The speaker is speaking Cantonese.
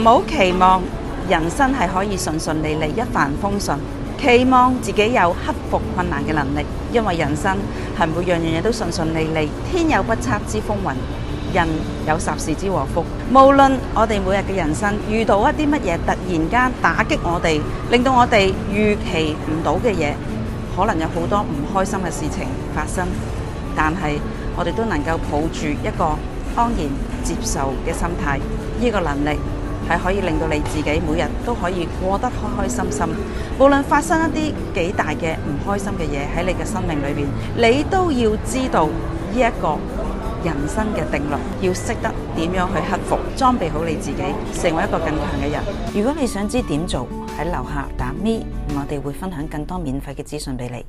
唔好期望人生係可以順順利利、一帆風順，期望自己有克服困難嘅能力。因為人生係每樣樣嘢都順順利利，天有不測之風雲，人有霎時之禍福。無論我哋每日嘅人生遇到一啲乜嘢，突然間打擊我哋，令到我哋預期唔到嘅嘢，可能有好多唔開心嘅事情發生。但係我哋都能夠抱住一個安然接受嘅心態，呢個能力，係可以令到你自己每日都可以過得開開心心，無論發生一啲幾大嘅唔開心嘅嘢喺你嘅生命裏邊，你都要知道呢一個人生嘅定律，要識得點樣去克服，裝備好你自己，成為一個更強嘅人。如果你想知點做，喺樓下打咪，我哋會分享更多免費嘅資訊俾你。